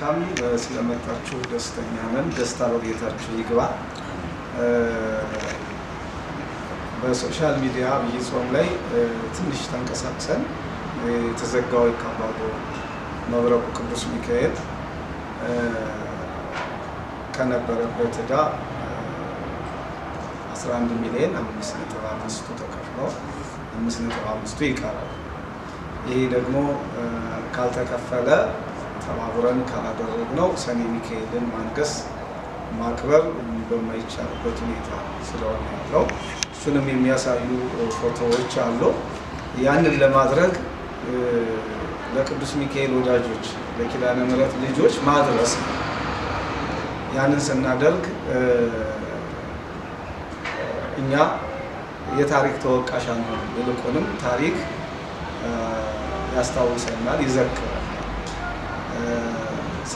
ካሚ ስለመጣችሁ ደስተኛ ነን። ደስታ በቤታችሁ ይግባ። በሶሻል ሚዲያ አብይ ጾም ላይ ትንሽ ተንቀሳቅሰን የተዘጋው ካባቦ መብረቁ ቅዱስ ሚካኤል ከነበረበት ዕዳ 11 ሚሊዮን 5.5ቱ ተከፍሎ 5.5ቱ ይቀራል። ይሄ ደግሞ ካልተከፈለ ተባብረን ካላደረግነው ሰኔ ሚካኤልን ማንገስ ማክበር በማይቻልበት ሁኔታ ስለሆነ ያለው እሱንም የሚያሳዩ ፎቶዎች አሉ። ያንን ለማድረግ ለቅዱስ ሚካኤል ወዳጆች ለኪዳነ ምሕረት ልጆች ማድረስ ያንን ስናደርግ እኛ የታሪክ ተወቃሽ አንሆንም። ይልቁንም ታሪክ ያስታውሰናል፣ ይዘክራል።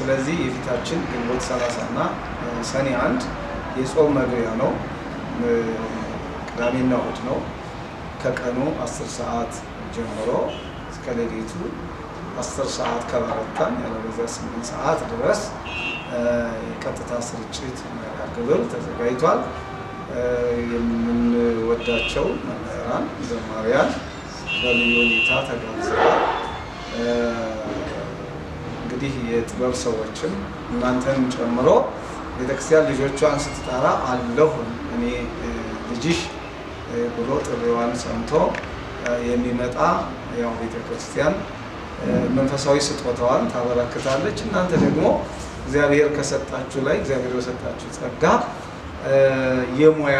ስለዚህ የፊታችን ግንቦት 30 እና ሰኔ አንድ የጾም መግቢያ ነው። ቅዳሜና እሑድ ነው። ከቀኑ 10 ሰዓት ጀምሮ እስከ ሌሊቱ 10 ሰዓት ከበረታን ያለበለዚያ 8 ሰዓት ድረስ የቀጥታ ስርጭት ግብር ተዘጋጅቷል። የምንወዳቸው መምህራን ዘማሪያን በልዩ ሁኔታ ተጋብዘዋል። እንግዲህ የጥበብ ሰዎችም እናንተን ጨምሮ ቤተክርስቲያን ልጆቿን ስትጠራ አለሁ እኔ ልጅሽ ብሎ ጥሪዋን ሰምቶ የሚመጣ ያው ቤተክርስቲያን መንፈሳዊ ስጦታዋን ታበረክታለች። እናንተ ደግሞ እግዚአብሔር ከሰጣችሁ ላይ እግዚአብሔር በሰጣችሁ ጸጋ የሙያ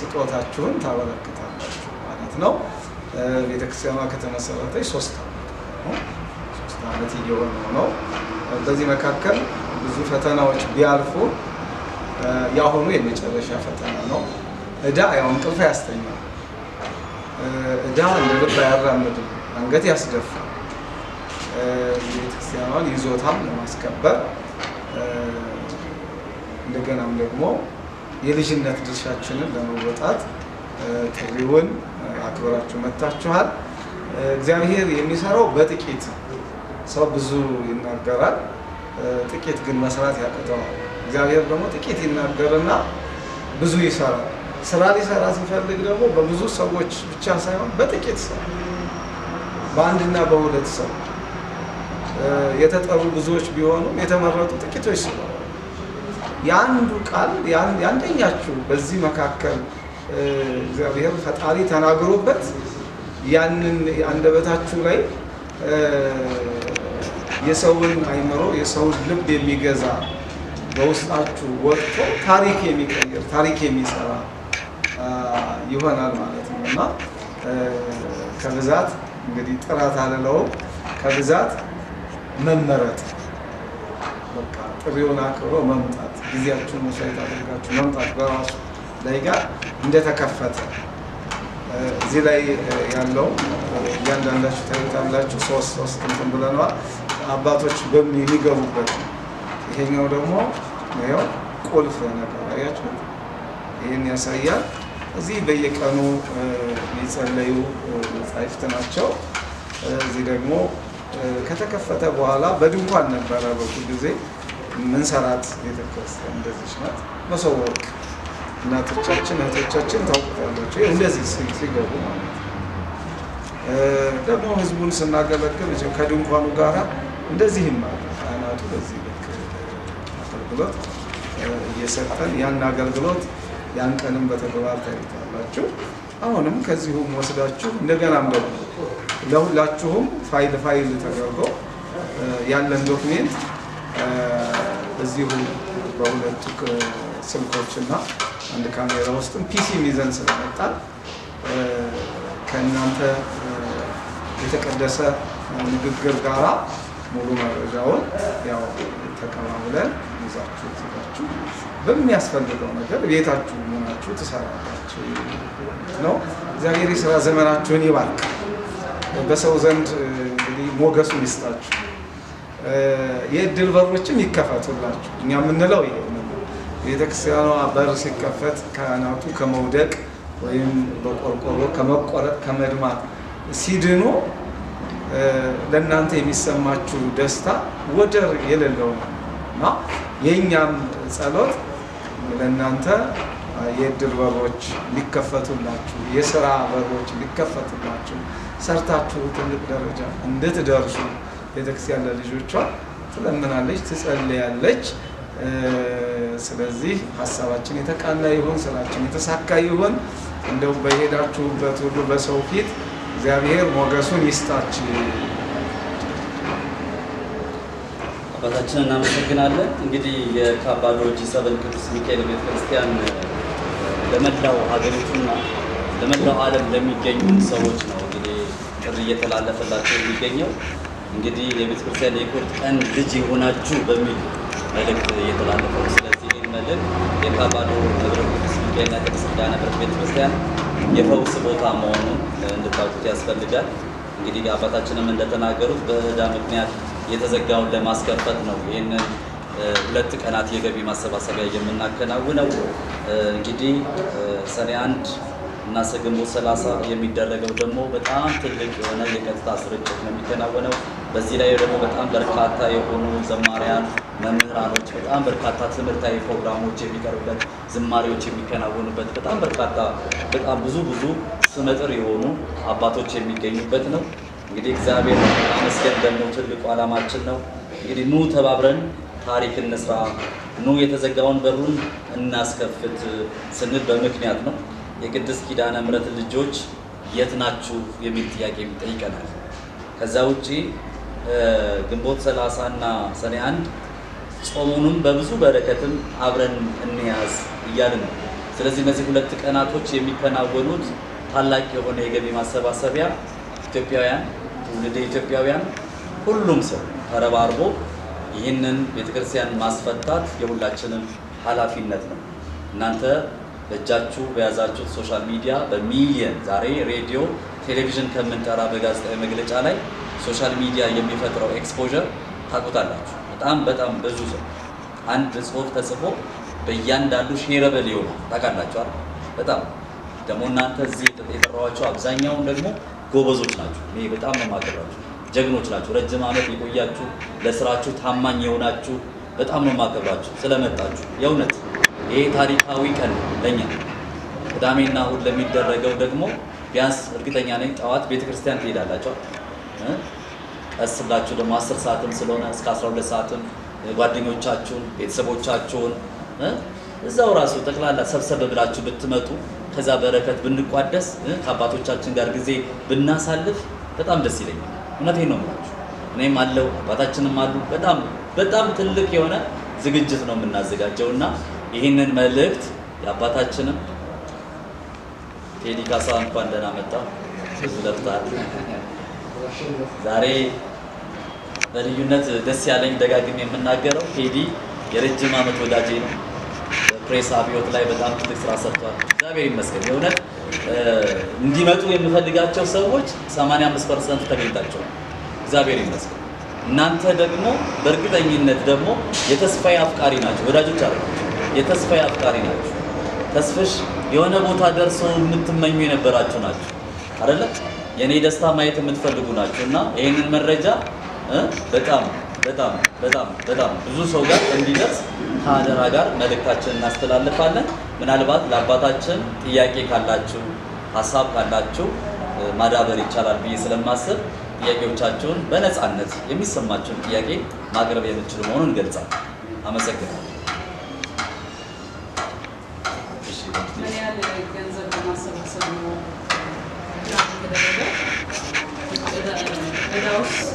ስጦታችሁን ታበረክታላችሁ ማለት ነው። ቤተክርስቲያኗ ከተመሰረተች ሶስት ነው። ማለት እየሆነ ነው። በዚህ መካከል ብዙ ፈተናዎች ቢያልፉ የአሁኑ የመጨረሻ ፈተና ነው። እዳ ያው እንቅልፍ ያስተኛል። እዳ እንደ ልብ አያራምድም፣ አንገት ያስደፋል። ቤተክርስቲያኗን ይዞታም ለማስከበር እንደገናም ደግሞ የልጅነት ድርሻችንን ለመወጣት ትሪውን አክብራችሁ መጥታችኋል። እግዚአብሔር የሚሰራው በጥቂት ሰው ብዙ ይናገራል፣ ጥቂት ግን መስራት ያቅተዋል። እግዚአብሔር ደግሞ ጥቂት ይናገርና ብዙ ይሰራል። ስራ ሊሰራ ሲፈልግ ደግሞ በብዙ ሰዎች ብቻ ሳይሆን በጥቂት ሰው፣ በአንድና በሁለት ሰው የተጠሩ ብዙዎች ቢሆኑም የተመረጡ ጥቂቶች ስለሆኑ የአንዱ ቃል የአንደኛችሁ በዚህ መካከል እግዚአብሔር ፈጣሪ ተናግሮበት ያንን አንደበታችሁ ላይ የሰውን አይምሮ የሰውን ልብ የሚገዛ በውስጣችሁ ወጥቶ ታሪክ የሚቀይር ታሪክ የሚሰራ ይሆናል ማለት ነው እና ከብዛት እንግዲህ ጥራት አልለውም፣ ከብዛት መመረጥ በቃ ጥሪውን አክብሮ መምጣት ጊዜያችሁን መስዋዕት አድርጋችሁ መምጣት በራሱ ላይ ጋር እንደተከፈተ እዚህ ላይ ያለው እያንዳንዳችሁ ታዩታላችሁ። ሶስት ሶስት እንትን ብለነዋል። አባቶች የሚገቡበት ይሄኛው ደግሞ ያው ቁልፍ ነገር አያችሁ። ይህን ያሳያል። እዚህ በየቀኑ የሚጸለዩ መጻሕፍት ናቸው። እዚህ ደግሞ ከተከፈተ በኋላ በድንኳን ነበረ በኩል ጊዜ ምንሰራት ቤተክርስቲያን እንደዚች ናት። መሶበ እናቶቻችን እህቶቻችን ታውቁታላቸው። እንደዚህ ሲገቡ ማለት ደግሞ ህዝቡን ስናገለግል ከድንኳኑ ጋራ እንደዚህም ካህናቱ በዚህ ልክ አገልግሎት እየሰጠን ያን አገልግሎት ያን ቀንም በተግባር ታይታላችሁ። አሁንም ከዚሁም ወስዳችሁ እንደገናም ደግሞ ለሁላችሁም ፋይል ፋይል ተደርጎ ያለን ዶክሜንት እዚሁ በሁለቱ ስልኮች ስልኮችና አንድ ካሜራ ውስጥም ፒሲ ሚዘን ስለመጣል ከእናንተ የተቀደሰ ንግግር ጋራ ሙሉ መረጃውን ያው ተቀባብለን ይዛችሁ ትዛችሁ በሚያስፈልገው ነገር ቤታችሁ መሆናችሁ ትሰራላችሁ ነው። እግዚአብሔር የስራ ዘመናችሁን ይባርክ፣ በሰው ዘንድ እንግዲህ ሞገሱን ይስጣችሁ፣ የእድል በሮችም ይከፈቱላችሁ። እኛ የምንለው ይሄ ቤተክርስቲያኗ በር ሲከፈት ካህናቱ ከመውደቅ ወይም በቆርቆሮ ከመቆረጥ ከመድማት ሲድኑ ለእናንተ የሚሰማችሁ ደስታ ወደር የሌለው ነው እና የእኛም ጸሎት ለእናንተ የእድል በሮች ሊከፈቱላችሁ፣ የስራ በሮች ሊከፈቱላችሁ፣ ሰርታችሁ ትልቅ ደረጃ እንድትደርሱ ቤተክርስቲያን ለልጆቿ ትለምናለች፣ ትጸልያለች። ስለዚህ ሀሳባችን የተቃና ይሁን፣ ስራችን የተሳካ ይሁን። እንደው በሄዳችሁበት ሁሉ በሰው ፊት እግዚአብሔር ሞገሱን ይስጣችሁ። አባታችን እናመሰግናለን። እንግዲህ የካባዶች ሰበን ቅዱስ ሚካኤል ቤተክርስቲያን ለመላው ሀገሪቱና ለመላው ዓለም ለሚገኙ ሰዎች ነው እንግዲህ ጥሪ እየተላለፈላቸው የሚገኘው እንግዲህ የቤተክርስቲያን የቁርጥ ቀን ልጅ የሆናችሁ በሚል መልእክት እየተላለፈ ነው። ስለዚህ ይህን መልእክት የካባዶ ደብረ ቅዱስ ሚካኤልና ቅዱስ ኪዳነ ምሕረት ቤተክርስቲያን የፈውስ ቦታ መሆኑን እንድታውቁት ያስፈልጋል። እንግዲህ አባታችንም እንደተናገሩት በዕዳ ምክንያት የተዘጋውን ለማስከፈት ነው ይህንን ሁለት ቀናት የገቢ ማሰባሰቢያ የምናከናውነው። እንግዲህ ሰኔ አንድ እና ሰግሞ ሰላሳ የሚደረገው ደግሞ በጣም ትልቅ የሆነ የቀጥታ ስርጭት ነው የሚከናወነው። በዚህ ላይ ደግሞ በጣም በርካታ የሆኑ ዘማሪያን መምህራኖች፣ በጣም በርካታ ትምህርታዊ ፕሮግራሞች የሚቀርቡበት፣ ዝማሬዎች የሚከናወኑበት በጣም በርካታ በጣም ብዙ ብዙ ስመጥር የሆኑ አባቶች የሚገኙበት ነው። እንግዲህ እግዚአብሔር አመስገን ደግሞ ትልቁ ዓላማችን ነው። እንግዲህ ኑ ተባብረን ታሪክ እንስራ፣ ኑ የተዘጋውን በሩን እናስከፍት ስንል በምክንያት ነው። የቅድስት ኪዳነ ምሕረት ልጆች የት ናችሁ የሚል ጥያቄ የሚጠይቀናል። ከዛ ውጪ ግንቦት 30 እና ሰኔ አንድ ጾሙንም በብዙ በረከትም አብረን እንያዝ እያልን ነው። ስለዚህ እነዚህ ሁለት ቀናቶች የሚከናወኑት ታላቅ የሆነ የገቢ ማሰባሰቢያ ኢትዮጵያውያን ትውልደ ኢትዮጵያውያን ሁሉም ሰው ተረባርቦ ይህንን ቤተክርስቲያን ማስፈታት የሁላችንም ኃላፊነት ነው። እናንተ በእጃችሁ በያዛችሁት ሶሻል ሚዲያ በሚሊየን ዛሬ ሬዲዮ፣ ቴሌቪዥን ከምንጠራ በጋዜጣዊ መግለጫ ላይ ሶሻል ሚዲያ የሚፈጥረው ኤክስፖዠር ታውቁታላችሁ። በጣም በጣም ብዙ ሰው አንድ ጽሁፍ ተጽፎ በእያንዳንዱ ሼረበል ይሆናል። ታውቃላችሁ በጣም ደግሞ እናንተ እዚህ የጠራኋቸው አብዛኛውን ደግሞ ጎበዞች ናቸው። እኔ በጣም ነው የማከብራችሁ። ጀግኖች ናቸው። ረጅም ዓመት የቆያችሁ ለስራችሁ ታማኝ የሆናችሁ በጣም ነው የማከብራችሁ ስለመጣችሁ። የእውነት ይሄ ታሪካዊ ቀን ለኛ ቅዳሜና እሁድ ለሚደረገው ደግሞ ቢያንስ እርግጠኛ ነኝ ጠዋት ቤተክርስቲያን ትሄዳላቸው። ቀስ ብላችሁ ደግሞ አስር ሰዓትም ስለሆነ እስከ 12 ሰዓትም ጓደኞቻችሁን ቤተሰቦቻችሁን እዛው ራሱ ጠቅላላ ሰብሰብ ብላችሁ ብትመጡ ከዛ በረከት ብንቋደስ ከአባቶቻችን ጋር ጊዜ ብናሳልፍ በጣም ደስ ይለኛል። እውነቴን ነው የምላችሁ። እኔም አለው አባታችንም አሉ። በጣም በጣም ትልቅ የሆነ ዝግጅት ነው የምናዘጋጀው እና ይህንን መልእክት የአባታችንም ቴዲ ካሳ እንኳን ደህና መጣ ለፍታል። ዛሬ በልዩነት ደስ ያለኝ ደጋግሜ የምናገረው ቴዲ የረጅም ዓመት ወዳጄ ነው። ፕሬስ አብዮት ላይ በጣም ትልቅ ስራ ሰርቷል። እግዚአብሔር ይመስገን። የእውነት እንዲመጡ የምፈልጋቸው ሰዎች 85 ፐርሰንት ተገኝታቸዋል። እግዚአብሔር ይመስገን። እናንተ ደግሞ በእርግጠኝነት ደግሞ የተስፋዬ አፍቃሪ ናቸው፣ ወዳጆች አለ የተስፋዬ አፍቃሪ ናቸው። ተስፍሽ የሆነ ቦታ ደርሶ የምትመኙ የነበራችሁ ናቸው አይደለ? የእኔ ደስታ ማየት የምትፈልጉ ናቸው እና ይህንን መረጃ በጣም በጣም በጣም በጣም ብዙ ሰው ጋር እንዲደርስ ከአደራ ጋር መልእክታችን እናስተላልፋለን። ምናልባት ለአባታችን ጥያቄ ካላችሁ ሀሳብ ካላችሁ ማዳበር ይቻላል ብዬ ስለማስብ ጥያቄዎቻችሁን በነፃነት የሚሰማችሁን ጥያቄ ማቅረብ የምችሉ መሆኑን ገልጻል። አመሰግናለሁ። ገንዘብ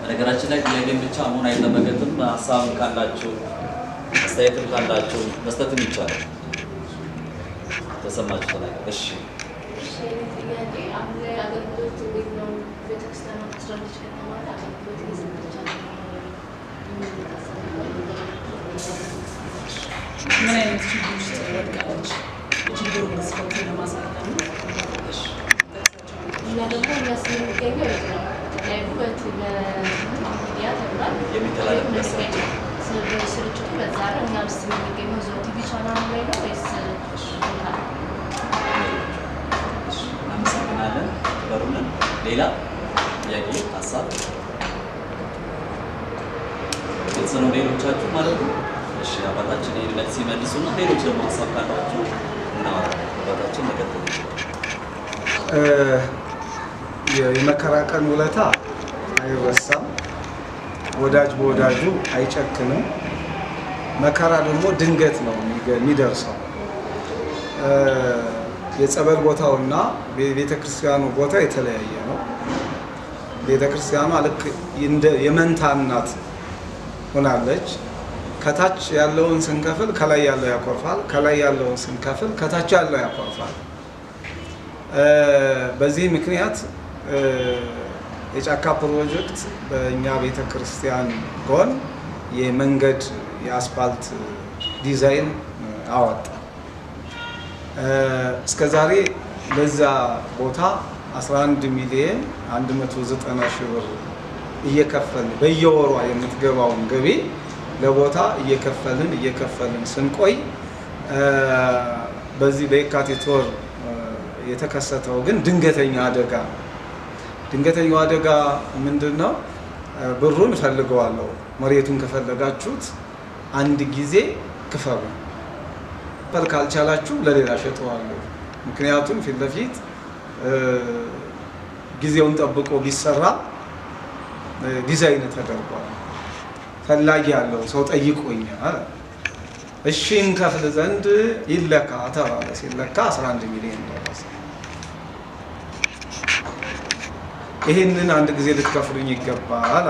በነገራችን ላይ ጥያቄን ብቻ መሆን አይጠበቅም። ሀሳብ ካላችሁ አስተያየትም ካላችሁ መስጠትም ይቻላል። ተሰማችሁ ተናገር። እሺ ምን አይነት ችግር ውስጥ ወድቃለች? ችግሩ መስፈርት ለማሳለ ነው እና ደግሞ እነሱ የሚገኘው የት ነው? ለህይወት ለሚዲያ ተብሏል ስርጭቱ በዛ ነው። እኛ ውስጥ የሚገኘው ዞ ቲቪ ቻናል ላይ ነው ወይስ እናመሰግናለን። በሩንን ሌላ ጥያቄ ሀሳብ ግልጽ ሌሎቻችሁ ማለት ነው። እሺ አባታችን ይህን ሲመልሱና ሌሎች ደግሞ ሀሳብ ካላችሁ እናወራለን። አባታችን መቀጠል ቀን ውለታ አይረሳም። ወዳጅ በወዳጁ አይጨክንም። መከራ ደግሞ ድንገት ነው የሚደርሰው። የጸበል ቦታውና ቤተክርስቲያኑ ቦታ የተለያየ ነው። ቤተክርስቲያኗ ልክ የመንታ እናት ሆናለች። ከታች ያለውን ስንከፍል ከላይ ያለው ያኮርፋል፣ ከላይ ያለውን ስንከፍል ከታች ያለው ያኮርፋል። በዚህ ምክንያት የጫካ ፕሮጀክት በእኛ ቤተ ክርስቲያን ጎን የመንገድ የአስፓልት ዲዛይን አወጣ። እስከዛሬ ለዛ ቦታ 11 ሚሊየን 190 ሺህ ብር እየከፈልን በየወሯ የምትገባውን ገቢ ለቦታ እየከፈልን እየከፈልን ስንቆይ በዚህ በየካቲት ወር የተከሰተው ግን ድንገተኛ አደጋ ድንገተኛው አደጋ ምንድን ነው? ብሩን እፈልገዋለሁ፣ መሬቱን ከፈለጋችሁት አንድ ጊዜ ክፈሉ፣ በል ካልቻላችሁ ለሌላ ሸጠዋለሁ። ምክንያቱም ፊት ለፊት ጊዜውን ጠብቆ ቢሰራ ዲዛይን ተደርጓል። ፈላጊ ያለው ሰው ጠይቆኛል። እሺ እንከፍል ዘንድ ይለካ ተባለ። ሲለካ 11 ሚሊዮን ይሄንን አንድ ጊዜ ልትከፍሉኝ ይገባል አለ።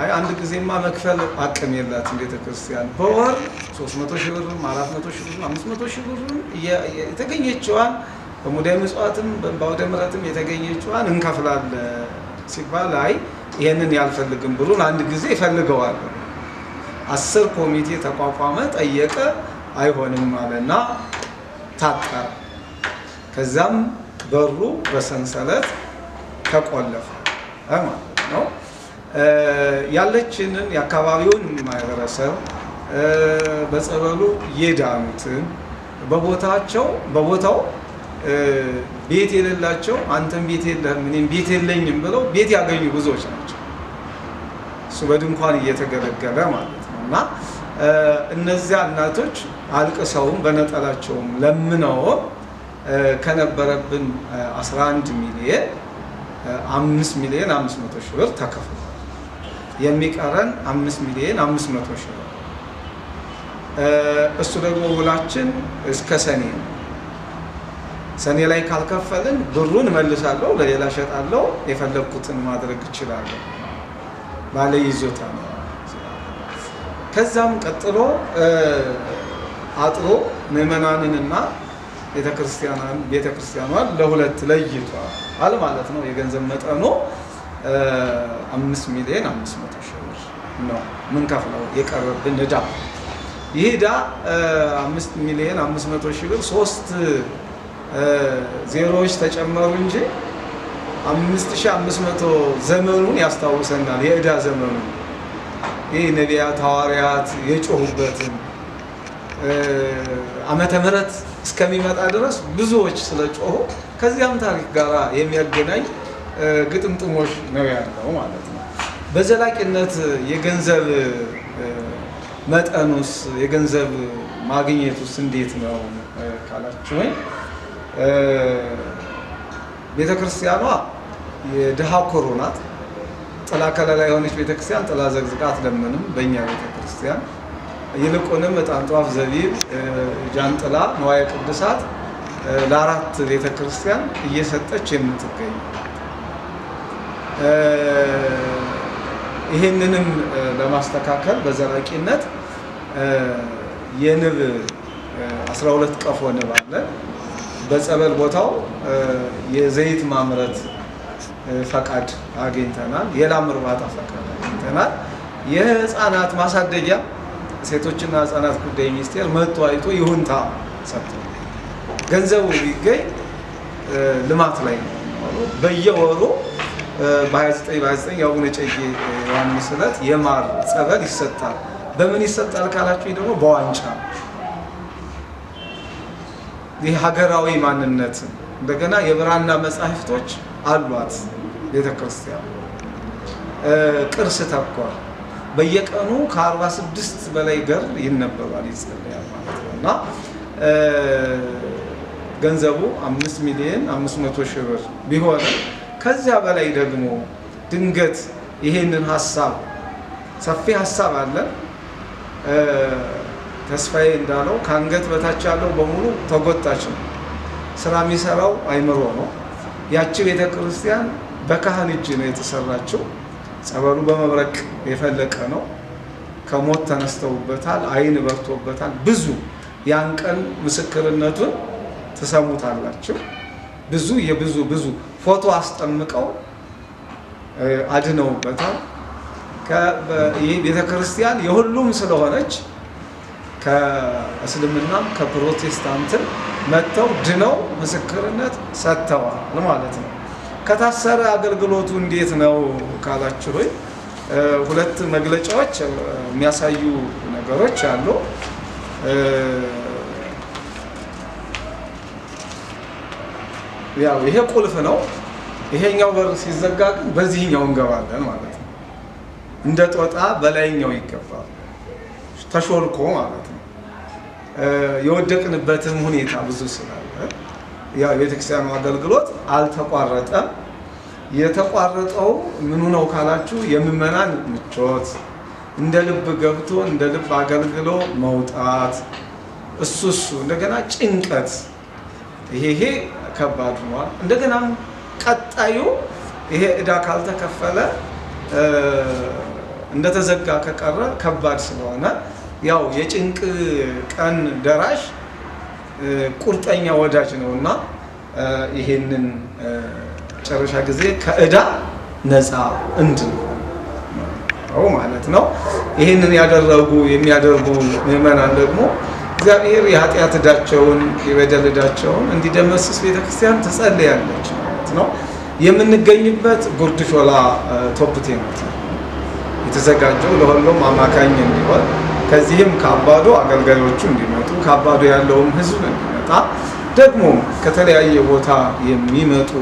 አይ አንድ ጊዜማ መክፈል አቅም የላትም ቤተ ክርስቲያን። በወር 300 ሺህ ብር፣ 400 ሺህ ብር፣ 500 ሺህ ብር የተገኘችዋን በሙዳይ ምጽዋትም በአውደ ምሕረትም የተገኘችዋን እንከፍላለን ሲባል አይ ይህንን ያልፈልግም ብሩን አንድ ጊዜ ይፈልገዋል። አስር ኮሚቴ ተቋቋመ፣ ጠየቀ፣ አይሆንም አለና ታጠረ። ከዛም በሩ በሰንሰለት ተቆለፈ። ነው ያለችንን የአካባቢውን ማህበረሰብ በጸበሉ የዳኑትን በቦታቸው በቦታው ቤት የሌላቸው አንተም ቤት የለህም እኔም ቤት የለኝም ብለው ቤት ያገኙ ብዙዎች ናቸው። እሱ በድንኳን እየተገለገለ ማለት ነው እና እነዚያ እናቶች አልቅሰውም በነጠላቸውም ለምነው ከነበረብን 11 ሚሊየን አምስት ሚሊዮን አምስት መቶ ሺህ ብር ተከፍሏል። የሚቀረን አምስት ሚሊዮን አምስት መቶ ሺህ ብር እሱ ደግሞ ውላችን እስከ ሰኔ ነው። ሰኔ ላይ ካልከፈልን ብሩን መልሳለሁ፣ ለሌላ ሸጣለሁ፣ የፈለግኩትን ማድረግ እችላለሁ። ባለ ይዞታ ነው። ከዛም ቀጥሎ አጥሮ ምዕመናንንና ቤተ ክርስቲያኗን ለሁለት ለይቷል ማለት ነው። የገንዘብ መጠኑ አምስት ሚሊዮን አምስት መቶ ሺህ ብር ነው። ምን የቀረብን ዕዳ ይህ ዕዳ አምስት ሚሊዮን አምስት መቶ ሺህ ብር ሶስት ዜሮዎች ተጨመሩ እንጂ አምስት ሺህ አምስት መቶ ዘመኑን ያስታውሰናል። የእዳ ዘመኑ ይህ ነቢያት ሐዋርያት የጮሁበትን ዓመተ ምሕረት እስከሚመጣ ድረስ ብዙዎች ስለጮሁ ከዚያም ታሪክ ጋር የሚያገናኝ ግጥምጥሞች ነው ያለው ማለት ነው። በዘላቂነት የገንዘብ መጠኑስ የገንዘብ ማግኘቱስ እንዴት ነው ካላችሁኝ ቤተ ክርስቲያኗ የድሃ ኮሮ ናት። ጥላ ከለላ የሆነች ቤተክርስቲያን ጥላ ዘግዝቃ አትለምንም። በእኛ ቤተክርስቲያን ይልቁንም ዕጣን ጧፍ፣ ዘቢብ፣ ጃንጥላ፣ ንዋየ ቅዱሳት ለአራት ቤተ ክርስቲያን እየሰጠች የምትገኝ ይህንንም ለማስተካከል በዘላቂነት የንብ 12 ቀፎ ንብ አለ። በጸበል ቦታው የዘይት ማምረት ፈቃድ አግኝተናል። የላም እርባታ ፈቃድ አግኝተናል። የህፃናት ማሳደጊያ ሴቶችና ህጻናት ጉዳይ ሚኒስቴር መጥቶ አይቶ ይሁንታ ሰጥቶ ገንዘቡ ቢገኝ ልማት ላይ ነው በየወሩ በ29 በ29 የአቡነ እጨጌ ዮሐንስ ዕለት የማር ጸበል ይሰጣል። በምን ይሰጣል ካላችሁ ደግሞ በዋንጫ ይህ ሀገራዊ ማንነት እንደገና የብራና መጻሕፍቶች አሏት ቤተክርስቲያን ቅርስ ተኳር በየቀኑ ከ46 በላይ ገር ይነበባል ይጸለያል ማለት ነው እና ገንዘቡ 5 ሚሊዮን 500 ሺህ ብር ቢሆንም ከዚያ በላይ ደግሞ ድንገት ይሄንን ሀሳብ ሰፊ ሀሳብ አለ። ተስፋዬ እንዳለው ከአንገት በታች ያለው በሙሉ ተጎታች ነው። ስራ የሚሰራው አይምሮ ነው። ያቺ ቤተክርስቲያን በካህን እጅ ነው የተሰራችው። ጸበሉ በመብረቅ የፈለቀ ነው። ከሞት ተነስተውበታል። አይን በርቶበታል። ብዙ ያን ቀን ምስክርነቱን ትሰሙታላችሁ። ብዙ የብዙ ብዙ ፎቶ አስጠምቀው አድነውበታል። ይህ የሁሉም ስለሆነች ከእስልምናም ከፕሮቴስታንትም መጥተው ድነው ምስክርነት ሰጥተዋል ማለት ነው። ከታሰረ አገልግሎቱ እንዴት ነው ካላችሁ ሆይ ሁለት መግለጫዎች የሚያሳዩ ነገሮች አሉ። ያው ይሄ ቁልፍ ነው። ይሄኛው በር ሲዘጋ ግን በዚህኛው እንገባለን ማለት ነው። እንደ ጦጣ በላይኛው ይገባል ተሾልኮ ማለት ነው። የወደቅንበትም ሁኔታ ብዙ ስላለ የቤተክርስቲያኑ አገልግሎት አልተቋረጠም። የተቋረጠው ምኑ ነው ካላችሁ የምመናን ምቾት፣ እንደ ልብ ገብቶ እንደ ልብ አገልግሎ መውጣት እሱ እሱ እንደገና ጭንቀት ይሄ ይሄ ከባድ ሆኗል። እንደገናም ቀጣዩ ይሄ እዳ ካልተከፈለ እንደተዘጋ ከቀረ ከባድ ስለሆነ ያው የጭንቅ ቀን ደራሽ ቁርጠኛ ወዳጅ ነው እና ይሄንን መጨረሻ ጊዜ ከእዳ ነፃ እንድንሆን ማለት ነው። ይህንን ያደረጉ የሚያደርጉ ምዕመናን ደግሞ እግዚአብሔር የኃጢአት እዳቸውን የበደል እዳቸውን እንዲደመስስ ቤተክርስቲያን ትጸልያለች ማለት ነው። የምንገኝበት ጉርድ ሾላ ቶፕቴ ነው የተዘጋጀው ለሁሉም አማካኝ እንዲሆን ከዚህም ከአባዶ አገልጋዮቹ እንዲመጡ ከአባዶ ያለውም ህዝብ እንዲመጣ ደግሞ ከተለያየ ቦታ የሚመጡ